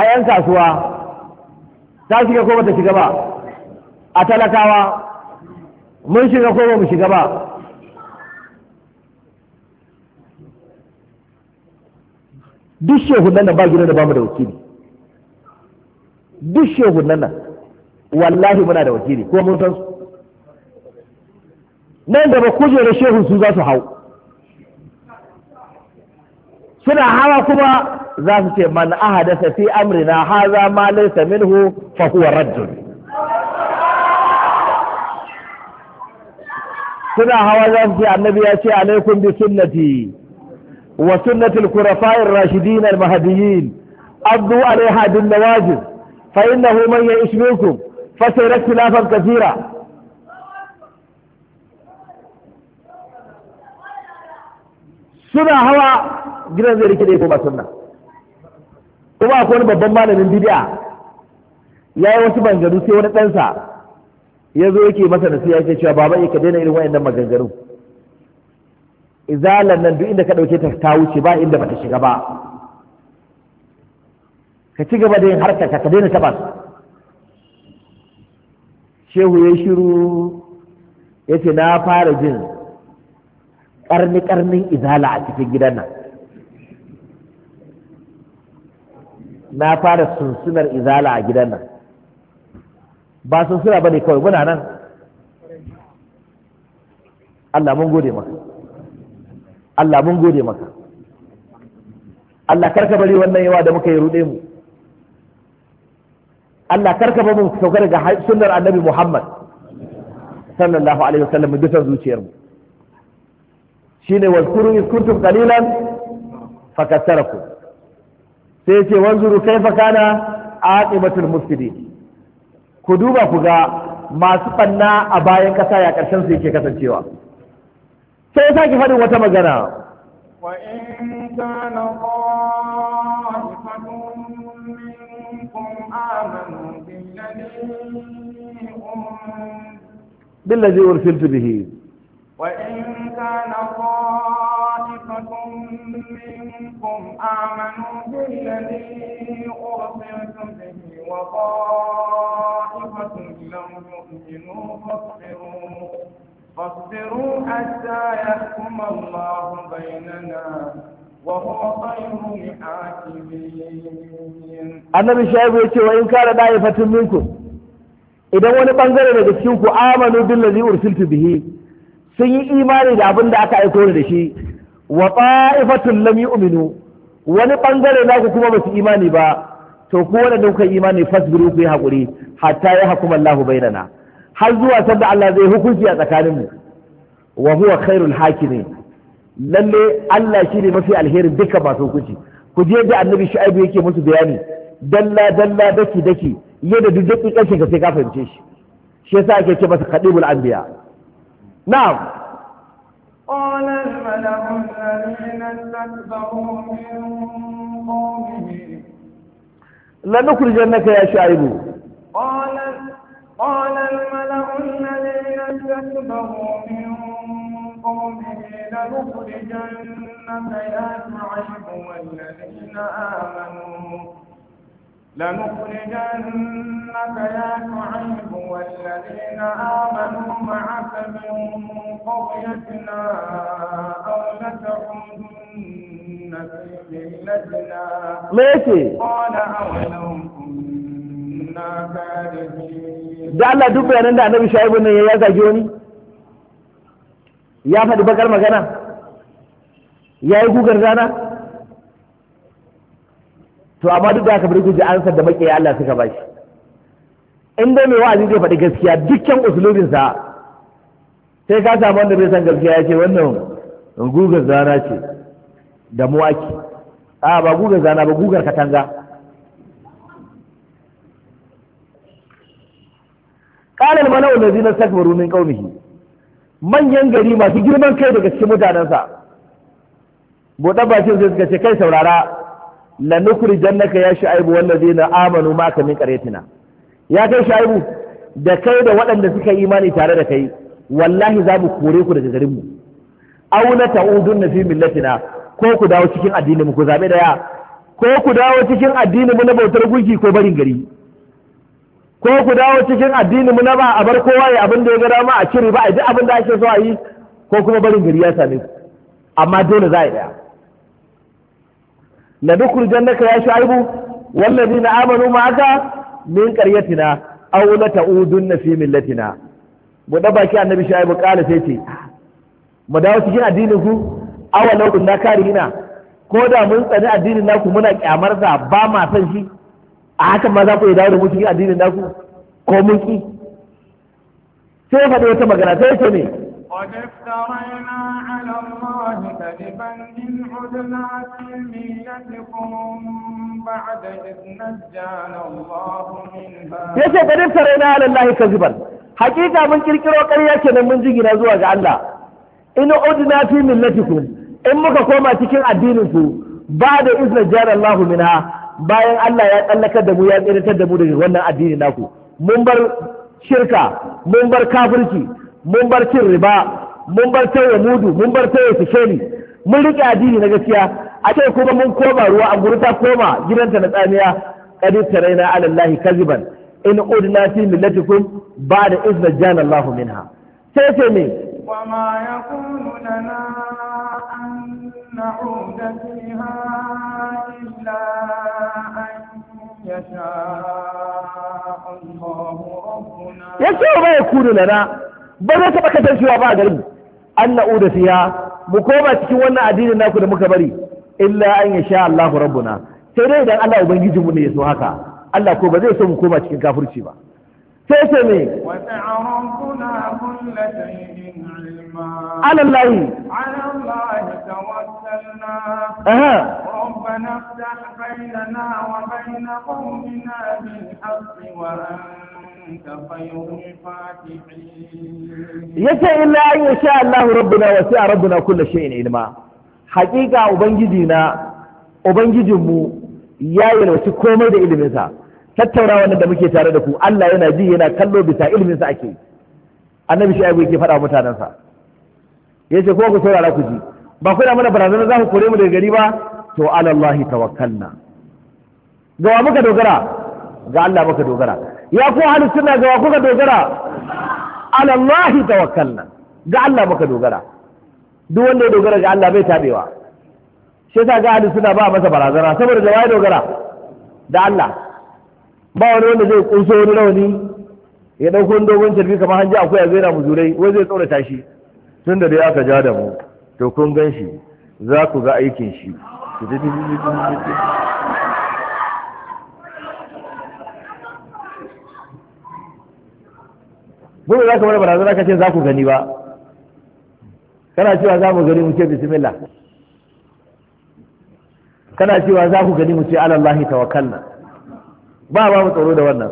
Speaker 3: a yan kasuwa ta shiga ko bata shiga ba a talakawa mun shiga ko ba mu shiga ba duk shehu nan ba gidan da bamu da wakili duk shehu nan wallahi muna da wakili ko mun san su nan gaba kujerar shehu su za su hau suna hawa kuma za su ce man ahadasa fi amrina haza ma laysa minhu fa huwa raddun suna hawa za su ce annabi ya ce alaikum bi sunnati wa sunnati al-khulafa'ir rashidin al-mahdiyyin addu alaiha bin nawajib fa innahu man ya'ish fa sayara ikhtilafan kathira suna hawa gidan zai rikide ko ba sunna kuma akwai wani babban malamin bid'a ya yi wasu bangaru sai wani ɗansa ya zo yake masa ya yake cewa baba ka daina irin wayannan maganganu izalan nan duk inda ka ɗauke ta ta wuce ba inda bata shiga ba ka ci gaba da yin harka ka daina taba su shehu ya shiru ya ce na fara jin ƙarni ƙarnin izala a cikin gidan nan na fara sunsunar izala a gidan nan ba sunsuna ba ne kawai muna nan Allah mun gode maka Allah mun gode maka Allah karka bari wannan yawa da muka yi ruɗe mu Allah karka bari mu sauka daga sunnar annabi Muhammad sallallahu alaihi wasallam mu dukan zuciyarmu shine ne iz kuntum kalilan fakassaraku sai yace wanzuru fakana a aqibatul musulmi ku duba ku ga masu ɓanna a bayan ƙasa ya ƙarshen su yake kasancewa sai ya sake faɗin wata magana بالذي أرسلت به وإن
Speaker 1: كان طائفة منكم آمنوا بالذي أرسلت به وطائفة لم يؤمنوا فاصبروا فاصبروا حتى يحكم الله بيننا
Speaker 3: annabi shaibu ya ce wa in kare da'ifatin minkum idan wani bangare daga cikin ku amanu billazi ursiltu bihi sun yi imani da abin da aka aiko da shi wa ta'ifatul lam yu'minu wani bangare ku kuma ba su imani ba to ku wanda kuka imani fasbiru ku yi hakuri hatta ya hukuma Allah bainana har zuwa sanda Allah zai hukunci a tsakanin mu wa huwa khairul hakimi lalle Allah shi ne mafi alherin duka masu hukunci ku je da annabi shu'aibu yake musu bayani dalla dalla daki daki yadda duk daki kashi ka sai ka fahimce shi shi yasa ake ce masa qadibul anbiya na'am
Speaker 1: قال الملأ الذين استكبروا من قومه
Speaker 3: لنخرجنك يا شعيب
Speaker 1: قال قال الملأ الذين استكبروا من قومه لنخرجنك يا شعيب والذين آمنوا
Speaker 2: لنخرجنك
Speaker 1: يا شعيب والذين آمنوا معك من قريتنا أو لتعودن في ملتنا قال أولو كنا كارهين da Allah duk bayanan
Speaker 3: da Annabi Shaibu ne ya zage wani ya faɗi bakar magana ya yi gugar rana to amma duk da aka bari guje ansar da makiyaya Allah suka ba shi in dai mai wa'azi zai faɗi gaskiya dukkan usulubin sa sai ka samu wanda bai san gaskiya ya ce wannan gugar zana ce da muwaki a ba gugar zana ba gugar katanga mana wanda zai na sakwa rumin kaunihi manyan gari masu girman kai daga cikin mutanensa buɗe bakin sai suka ce kai saurara la jannaka ya shu'aibu na amanu maka min qaryatina ya kai shu'aibu da kai da waɗanda suka yi imani tare da kai wallahi za mu kore ku daga garin mu aw la na fi millatina ko ku dawo cikin addinin mu ku zabe ya ko ku dawo cikin addinin mu na bautar gunki ko barin gari ko ku dawo cikin addinin mu na ba a bar kowa ya abin da ya ga dama a cire ba a duk abin da ake so a yi ko kuma barin gari ya same ku amma dole za a yi daya la nukhrijannaka ya shu'aibu na amanu ma'aka min qaryatina aw la ta'udunna fi millatina mu da baki annabi shu'aibu kala sai ce mu dawo cikin addinin ku aw la kunna karihina ko da mun tsani addinin naku muna kyamar da ba ma san shi a hakan ma za ku dawo da mu cikin addinin naku ko mun ki sai faɗi wata magana sai ce ne
Speaker 1: قد افترينا على الله كذبا إن عدنا في ميتكم بعد إذ نجانا الله منها يسي قد افترينا
Speaker 3: على الله كذبا حقيقة من كل كرة وقرية كنا من جينا زواج عنا إن عدنا في ملتكم إن مكاكوما تكين أدينكم بعد إذ نجانا الله منها bayan Allah ya tsallaka da mu ya tsallaka da mu daga wannan addini naku mun bar shirka mun bar kafirci mun bar cin riba mun bar tauye mudu mun bar tauye sikeli mun rike addini na gaskiya a ce kuma mun koma ruwa a guri ta koma gidanta na tsamiya kadi taraina ala allahi kaziban in udna fi millatikum ba'da izna jana allah minha sai ce me
Speaker 1: wa ma yakunu lana an na'uda fiha illa an yasha allah rabbuna yace wa
Speaker 3: yakunu lana ba zai taɓa kasancewa ba a garin an na'u da siya, mu koma cikin wannan addinin naku da muka bari illa an ya sha Allahu rabbuna sai dai idan Allah ubangijin mu ne ya so haka Allah ko ba zai so mu koma cikin kafirci ba sai sai me
Speaker 1: على الله على الله توكلنا ربنا افتح بيننا وبين قومنا بالحق وأنت yace illa
Speaker 3: an yasha Allah rabbuna wa sa'a rabbuna kullu shay'in ilma haqiqa ubangiji na ubangijinmu ya wasu komai da iliminsa tattaunawa da muke tare da ku Allah yana ji yana kallo bisa iliminsa ake annabi shi yake faɗa mutanensa yace ko ku saurara ku ji ba ku da mana barazana za ku kore mu daga gari ba to alallahi tawakkalna ga muka dogara ga Allah muka dogara ya ku hali suna ga kuka dogara alallahi tawakkalna ga Allah muka dogara duk wanda ya dogara ga Allah bai tabewa shi ta ga hali suna ba masa barazana saboda da wai dogara da Allah ba wani wanda zai kunso wani rauni ya dauko dogon tarbi kamar hanji akwai zai na muzurai wai zai tsora shi tun da dai aka ja da mu to kun gan shi za ku ga aikin shi mu za ka barazan barazana ka ce za ku gani ba kana cewa za mu gani mu ce bismillah kana cewa za ku gani mu ce alallahi tawakkalna ba ba mu tsoro da wannan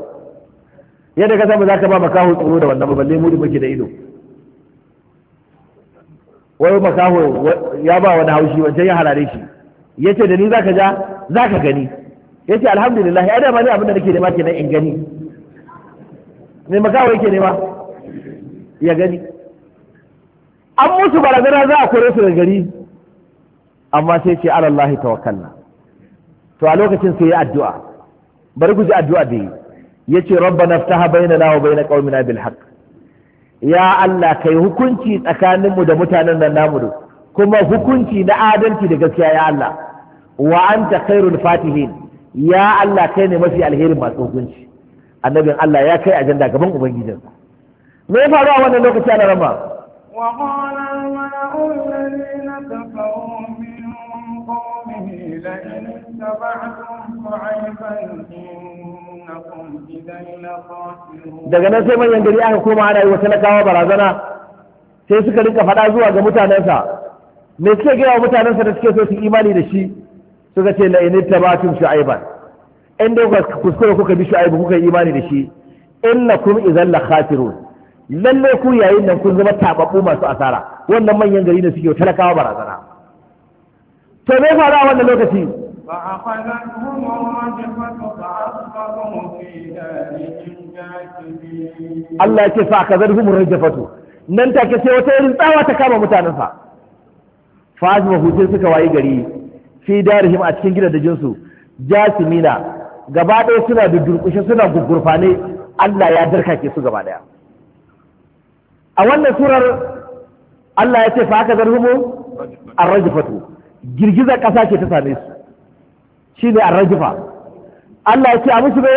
Speaker 3: yadda ka samu za ka ba makaho tsoro da wannan balle mu da muke da ido wai makaho ya ba wani haushi wancan ya halare shi ya ce da ni za ka ja za ka gani ya ce alhamdulillah ya dama ne abin da nake nema kenan in gani Me makaho yake nema ya gani an musu barazana za a kore su da gari amma sai ce alallahi tawakkalna to a lokacin sai ya addu'a bari ku ji addu'a da yi Rabba naftaha ftaha na wa bain qaumina bil haqq ya Allah kai hukunci tsakaninmu da mutanen nan namu kuma hukunci na adalci da gaskiya ya Allah wa anta khairul fatihin ya Allah kai ne mafi alherin masu hukunci annabin Allah ya kai ajanda gaban ubangijinsa me ya faru a wannan lokaci a rama
Speaker 1: وقال daga nan sai manyan gari aka koma ana yi wa talakawa barazana
Speaker 3: sai suka rinka faɗa zuwa ga mutanensa me suke gaya wa mutanensa da suke so su imani da shi suka ce la init tabatum shu'aiban in dai kuka kuskure kuka bi shu'aibu kuka imani da shi innakum idan la khasirun lalle ku yayin nan kun zama tababbu masu asara wannan manyan gari ne suke talakawa barazana to me faru a wannan lokaci Allah ya ce fa ka zarfi rajafatu nan take sai wata irin tsawa ta kama mutanen sa fa hujjar suka wayi gari fi darihim a cikin gidajen su jasimina gaba ɗaya suna da durƙushe suna gugurfane Allah ya darkake su gaba ɗaya a wannan surar Allah ya ce fa aka zarhumu arrajifatu girgizar ƙasa ce ta same su shine arrajifa Allah ya ce a musu ne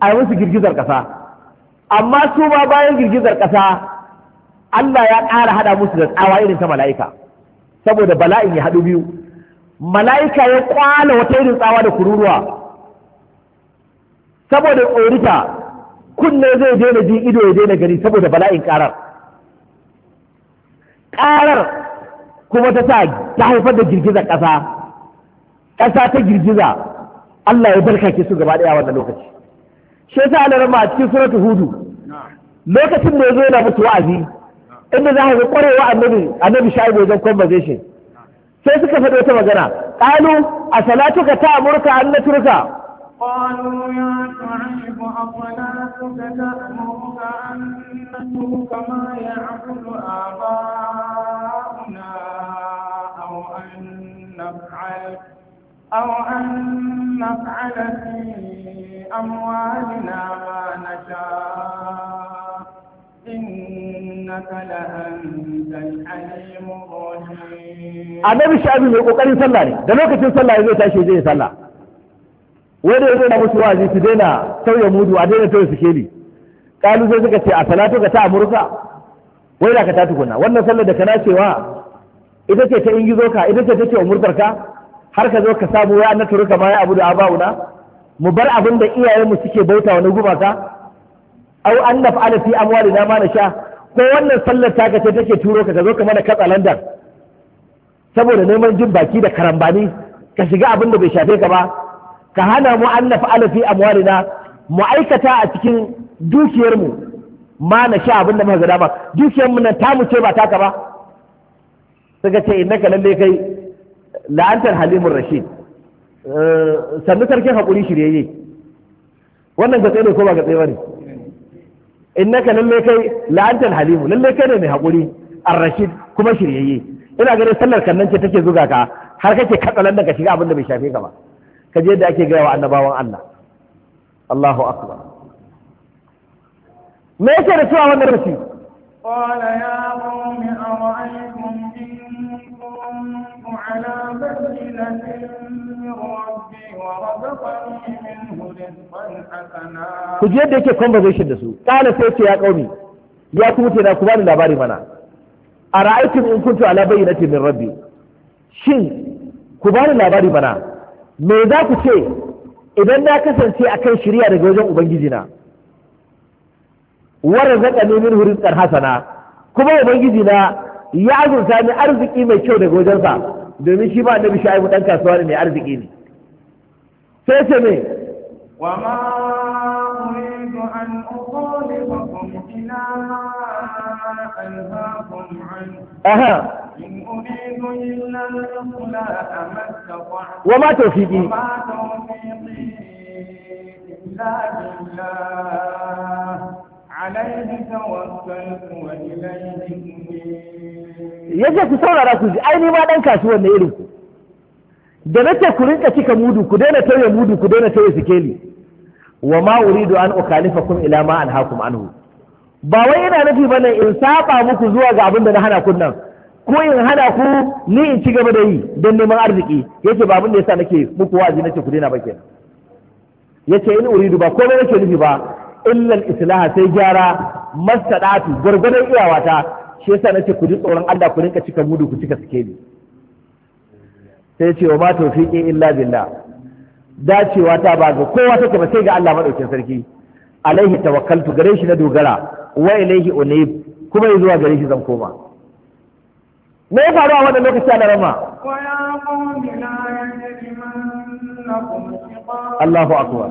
Speaker 3: a musu girgizar ƙasa amma su ma bayan girgizar ƙasa Allah ya ƙara hada musu da tsawa irin ta mala'ika saboda bala'in ya haɗu biyu mala'ika ya kwala wata irin tsawa da kururuwa saboda tsorita kunne zai daina ji ido ya daina gani saboda bala'in ƙarar ƙarar kuma ta ta haifar da girgizar ƙasa ƙasa ta girgiza Allah ya barkake su gaba ɗaya wannan lokaci shi yasa rama a cikin suratul hudu lokacin da ya zo yana mutu wa'azi inda za a ga ƙwarewa annabi annabi shaibu wajen conversation sai suka faɗi ta magana qalu a salatuka ta'muruka an naturka
Speaker 1: قالوا يا شعيب أطلاقك تأمرك أن نترك ما يعبد آباؤنا أو أن نفعل أو أن نفعل في أموالنا ما نشاء إنك لأنت الحليم الرحيم.
Speaker 3: Annabi Shabi mai ƙoƙarin sallah ne, da lokacin sallah ya zai tashi zai sallah. wai da ya na musu wa'azi su daina sauya mudu a daina ke sikeli kalu sai suka ce a salatu ka ta amurka wai da ka ta tukuna wannan sallar da kana cewa ita ce ta ingizo ka ita ce take umurtar ka har ka zo ka samu ya na turuka ma ya abu da na mu bar abin da iyayenmu suke bauta wani gumaka au an naf'ala fi na ma sha ko wannan sallar ta ka ce take turo ka ka zo ka mana katsa katsalandan saboda neman jin baki da karambani ka shiga abin da bai shafe ka ba ka hana mu an nafa'ala fi amwalina mu aikata a cikin dukiyarmu ma na sha abin da muka ga dama dukiyarmu nan ta mu ce ba taka ba suka ce innaka lalle kai la'antar halimur rashid eh, sannu sarkin hakuri shiryayye wannan ga ne ko ba gatsa bane innaka lalle kai la'antar halimu lalle kai ne mai hakuri ar-rashid kuma shiryayye ina ganin sallar kannan ce take zuga ka har kake katsalan da ka shiga abin da bai shafe ka ba kaje je da ake gaya wa annabawan Allah Allahu akbar me yake da cewa wannan rashi
Speaker 1: qala ya qawmi ara'aytum in kuntum ala bayyinatin rabbi wa razaqani minhu rizqan hasana ku je da
Speaker 3: yake conversation da su qala sai ce ya qawmi ya ku mutane ku bani labari mana ara'aytum in kuntu ala bayyinatin min rabbi shin ku bani labari mana me za ku ce idan na kasance a kan shirya daga wajen ubangijina wara zaka ne min hurin hasana kuma ubangijina ya azurta ni arziki mai kyau daga wajensa domin shi ba annabi sha'ibu ɗan kasuwa ne mai arziki ne sai ce me
Speaker 1: wa ma uridu an ila أنهاكم أها إن أريد إلا الإصلاح ما استطعت وما توفيقي وما توفيقي إلا بالله عليه توكلت وإليه
Speaker 3: ku saurara ku ji aini ma dan kasuwan ne irin ku da nake ku rinka cika mudu ku daina tauye mudu ku daina tauye sikeli wa ma uridu an ukalifakum ila ma anhaakum anhu ba wai ina nufi ba ne in saba muku zuwa ga abin da na hana kunnan nan ko in hana ku ni in ci gaba da yi don neman arziki yace ba abin da yasa nake muku wa'azi nace ku daina ba kenan yace in uridu ba komai nake nufi ba illa al-islaha sai gyara mastadatu gurgurdan iyawata shi yasa nace ku ji tsoron Allah ku rinka cika mudu ku cika sikeli sai ce wa ma tawfiqi illa billah dacewa ta ba ga kowa take ba sai ga Allah madaukin sarki alaihi tawakkaltu gare shi na dogara wa ilaihi unib kuma zuwa gare shi zan koma me ya faru a wannan lokaci da rama
Speaker 1: Allahu akbar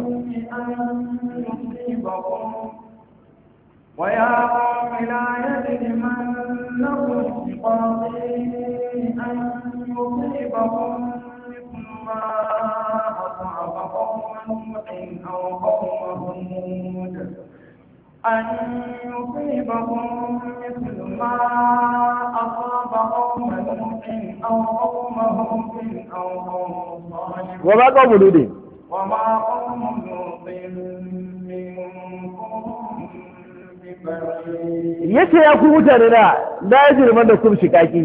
Speaker 1: ويا قوم لا يجرمنكم شقاقي يصيبكم مثل ما قوم نوح قوم أن يصيبهم مثل ما أصاب قوم نوح أو قوم هود أو قوم صالح وما قوم لوط وما قوم لوط
Speaker 3: yace ya ku mutane na na ya jirman da shiga ki.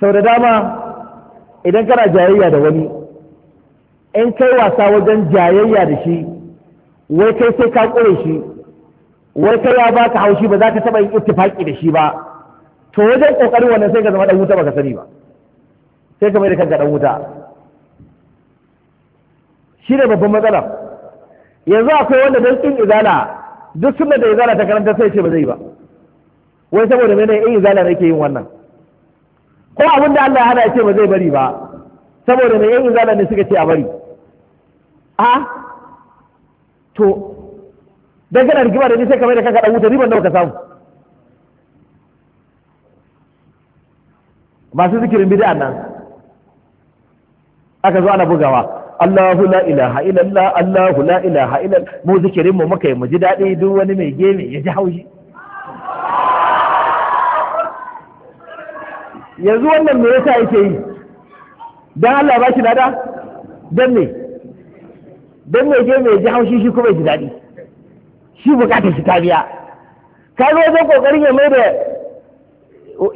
Speaker 3: sau da dama idan kana jayayya da wani in kai wasa wajen jayayya da shi wai kai sai ka ƙure shi wai kai ya baka haushi ba za ka taɓa yin ittifaki da shi ba to wajen ƙoƙarin wannan sai ka zama ɗan wuta ba ka sani ba sai ka mai da kanka ɗan wuta shi ne babban matsala yanzu akwai wanda don ƙin izala duk sunna da izala ta karanta sai ce ba zai ba wai saboda ne in izala nake yin wannan ko abin da Allah ya hada ce ba zai bari ba saboda me yan izala ne suka ce a bari a to dan kana rigima da ni sai kamar da kanka dan wuta riban nawa ka samu masu zikirin bid'a nan aka zo ana bugawa Allahu la ilaha illallah Allahu la ilaha illallah mu zikirin mu muka yi mu ji dadi duk wani mai gemi ya ji haushi yanzu wannan me yasa yake yi dan Allah ba shi lada dan ne don mai je mai ji haushi shi kuma ji daɗi shi bukatar shi ta biya ka zo wajen kokarin ya mai da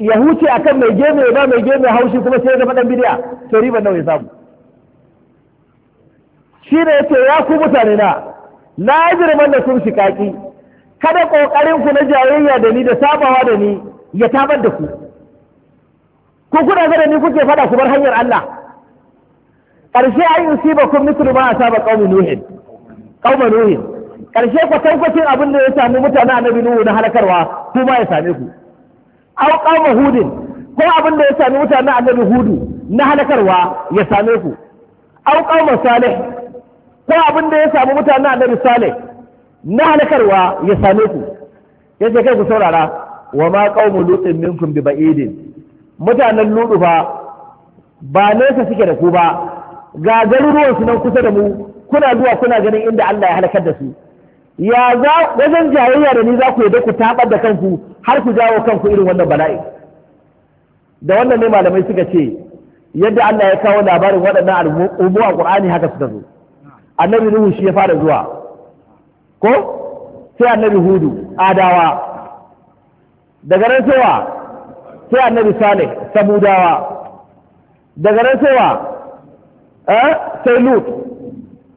Speaker 3: ya huce akan mai je mai ba mai je mai haushi kuma sai da ɗan bidiya to riba nawa ya samu shi ne ce ya ku mutane na na jirman da sun shikaki kada kokarin ku na jayayya da ni da sabawa da ni ya tabar da ku ku kuna ga da ni kuke faɗa ku bar hanyar Allah ƙarshe ai usibakum mithlu ma asaba qaumi nuhin qauma nuhin ƙarshe cin abin da ya sami mutane annabi nuhu na halakarwa kuma ya same ku aw qauma hudin ko abin da ya sami mutane annabi hudu na halakarwa ya same ku aw qauma salih ko abin da ya sami mutane annabi salih na halakarwa ya same ku yace kai ku saurara wa ma qaumu lutin minkum bi ba'idin mutanen ludu fa ba nesa suke da ku ba ga garuruwan su nan kusa da mu kuna zuwa kuna ganin inda Allah ya halakar da su ya za wajen jayayya da ni za ku yadda ku tabar da kanku har ku jawo kanku irin wannan bala'i da wannan ne malamai suka ce yadda Allah ya kawo labarin waɗannan al'ummu a Qur'ani haka suka zo annabi Nuhu shi ya fara zuwa ko sai annabi Hudu Adawa daga nan sai sai annabi Saleh Samudawa daga nan sai sai lut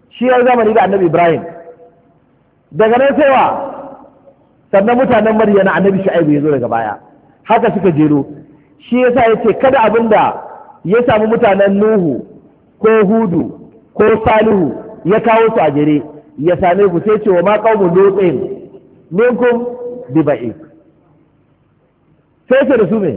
Speaker 3: shi ya zamani da annabi ibrahim daga nan sai wa sannan mutanen maryana annabi shu'aibu ya zo daga baya haka suka jero shi yasa yace kada abin da ya samu mutanen nuhu ko hudu ko salihu ya kawo su a jere ya same ku sai ce wa ma qaumu lutin minkum ba'i. sai ce da su me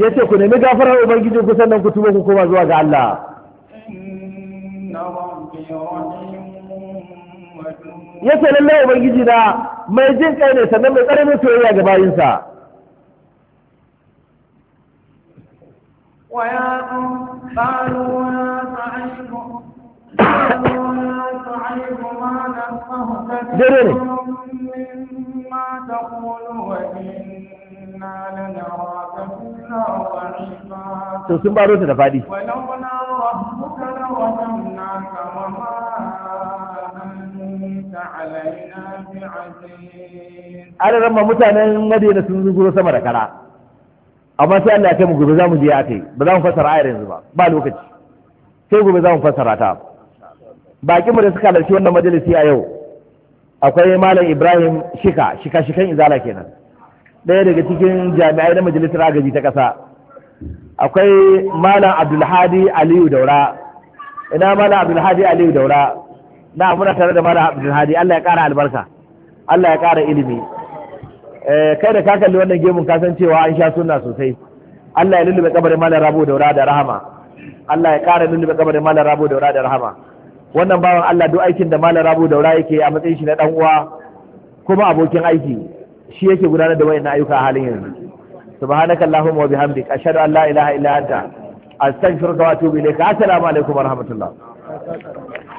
Speaker 3: ya ce ku nemi gafarar ubangiji ku sannan ku tuba ku koma zuwa ga Allah
Speaker 1: ya ce lallai ubangiji na
Speaker 3: mai jin kai ne sannan mai tsananin soyayya ga bayinsa
Speaker 1: ويا قالوا قالوا ما نفقه كثير مما تقول وإن to sun baro ta da faɗi
Speaker 3: an ramma mutanen madina sun zuguro sama da kara amma sai Allah ya kai mu gobe za mu je aka yi ba za mu fassara ayar yanzu ba ba lokaci sai gobe za mu fassara ta mu da suka halarci wannan majalisi a yau akwai malam ibrahim shika shika shikan izala kenan ɗaya daga cikin jami'ai na majalisar agaji ta ƙasa akwai malam abdulhadi aliyu daura ina malam abdulhadi aliyu daura na muna tare da malam abdulhadi allah ya ƙara albarka allah ya ƙara ilimi eh, kai da ka kalli wannan gemun kasancewa an sha sunna sosai allah ya lullube kabarin malam rabu daura da rahama allah ya ƙara lullube kabarin malam rabu daura da rahama wannan bawan allah duk aikin da malam rabu daura yake a matsayin shi na dan uwa kuma abokin aiki shi yake gudanar da wayannan ayyuka a halin yanzu subhanaka wa bihamdik ashhadu an la ilaha illa anta astaghfiruka wa atubu ilayka assalamu alaikum wa
Speaker 2: rahmatullah